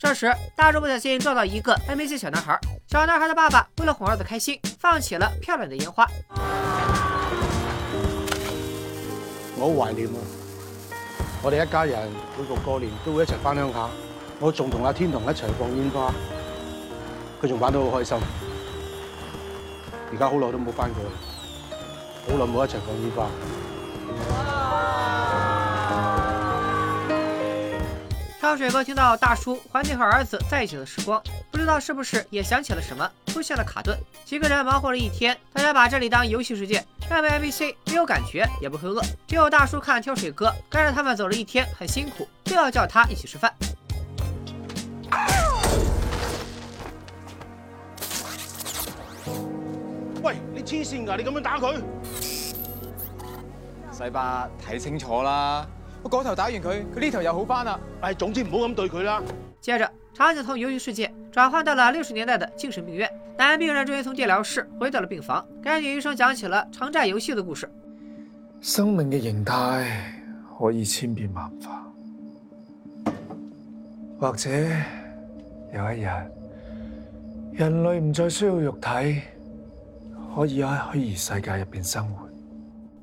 這時，大柱不小心撞到一個還沒睡小男孩。小男孩的爸爸為了哄兒子開心，放起了漂亮的煙花。我好懷念啊！我哋一家人每逢過年都會一齊翻鄉下，我仲同阿天同一齊放煙花，佢仲玩得好開心。而家好耐都冇翻過，好耐冇一齊放煙花。挑水哥聽到大叔懷念和兒子在一起的時光，不知道是不是也想起了什麼，出現了卡頓。幾個人忙活了一天，大家把這裏當遊戲世界，但為 M V C 沒有感覺也不會餓。只有大叔看挑水哥跟着他們走了一天，很辛苦，就要叫他一起吃飯。喂，你痴線啊，你咁樣打佢？西巴，睇清楚啦！我嗰頭打完佢，佢呢頭又好翻啦。唉、哎，總之唔好咁對佢啦。接着，場就從游魚世界轉換到了六十年代的精神病院，男病人終於從電療室回到了病房，跟女醫生講起了城寨遊戲的故事。生命嘅形態可以千變萬化，或者有一日，人類唔再需要肉體，可以喺虛擬世界入邊生活。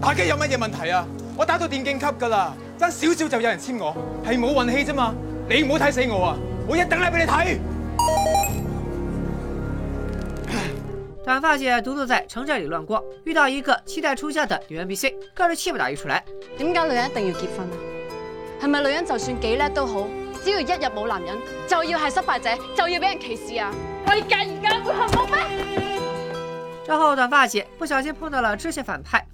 打機有乜嘢問題啊？我打到電競級噶啦，爭少少就有人簽我，係冇運氣啫嘛！你唔好睇死我啊，我一定叻俾你睇。 短髮姐獨坐在城寨裏亂逛，遇到一個期待出嫁的女人 B C，更是氣不打一處來。點解女人一定要結婚啊？係咪女人就算幾叻都好，只要一日冇男人，就要係失敗者，就要俾人歧視啊？可以介意家會幸福咩？之 後短髮姐不小心碰到了這些反派。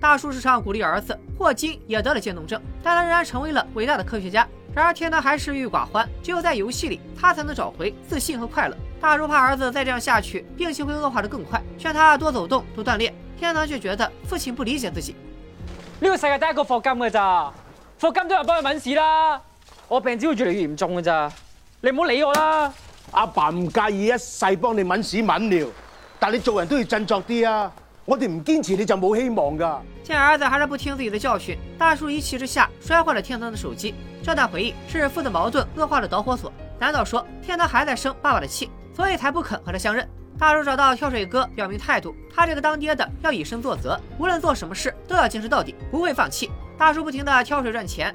大叔時常鼓勵兒子，霍金也得了漸凍症，但他仍然成為了偉大的科學家。然而天堂還是鬱鬱寡歡，只有在遊戲裏他才能找回自信和快樂。大叔怕兒子再這樣下去，病情會惡化得更快，勸他多走動、多鍛煉。天堂却覺得父親不理解自己。呢個世界得一個霍金嘅咋？霍金都有幫佢搵屎啦，我病只會越嚟越嚴重嘅咋？你唔好理我啦。阿爸唔介意一世幫你搵屎搵尿，但你做人都要振作啲啊！我哋唔堅持，你就冇希望噶。見兒子還是不聽自己的教訓，大叔一氣之下摔壞了天堂的手機。這段回憶是父子矛盾惡化的導火索。難道說天堂還在生爸爸的氣，所以才不肯和他相認？大叔找到跳水哥表明態度，他這個當爹的要以身作則，無論做什麼事都要堅持到底，不會放棄。大叔不停地跳水賺錢。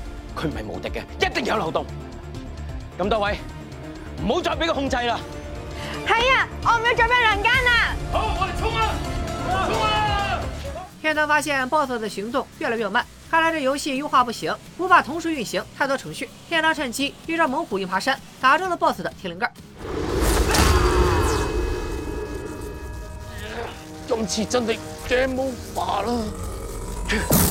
佢唔係無敵嘅，一定有漏洞。咁多位，唔好再俾佢控制啦。係啊，我唔要做咩人奸啦！好，我哋衝啊！衝啊！片段發現 BOSS 的行動越來越慢，看來這遊戲優化不行，無法同時運行太多程序。片段趁機一招猛虎硬爬山，打中了 BOSS 的天靈蓋。今次真的 game over 啦！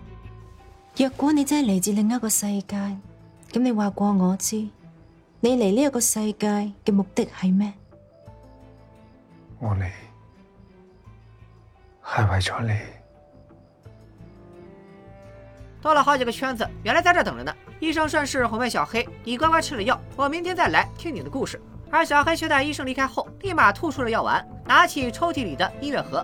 若果你真係嚟自另一個世界，咁你話過我知，你嚟呢一個世界嘅目的係咩？我嚟係為咗你。兜了好幾個圈子，原來在這等着呢。醫生順勢哄騙小黑：你乖乖吃了藥，我明天再來聽你的故事。而小黑卻在醫生離開後，立馬吐出了藥丸，拿起抽屜裏的音樂盒。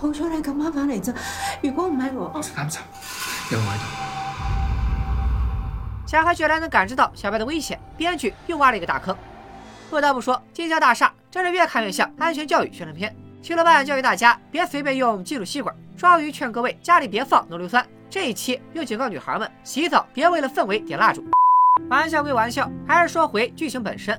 好彩你咁啱返嚟啫，如果唔係我。我是奸賊，有埋到。小黑，居然能感知到小白的危險，編劇又挖了一個大坑。不得不說，金宵大廈真是越看越像安全教育宣傳片。邱老闆教育大家別隨便用金屬吸管抓魚，勸各位家裏別放濃硫酸。這一期又警告女孩們洗澡別為了氛圍點蠟燭。玩笑歸玩笑，還是說回劇情本身。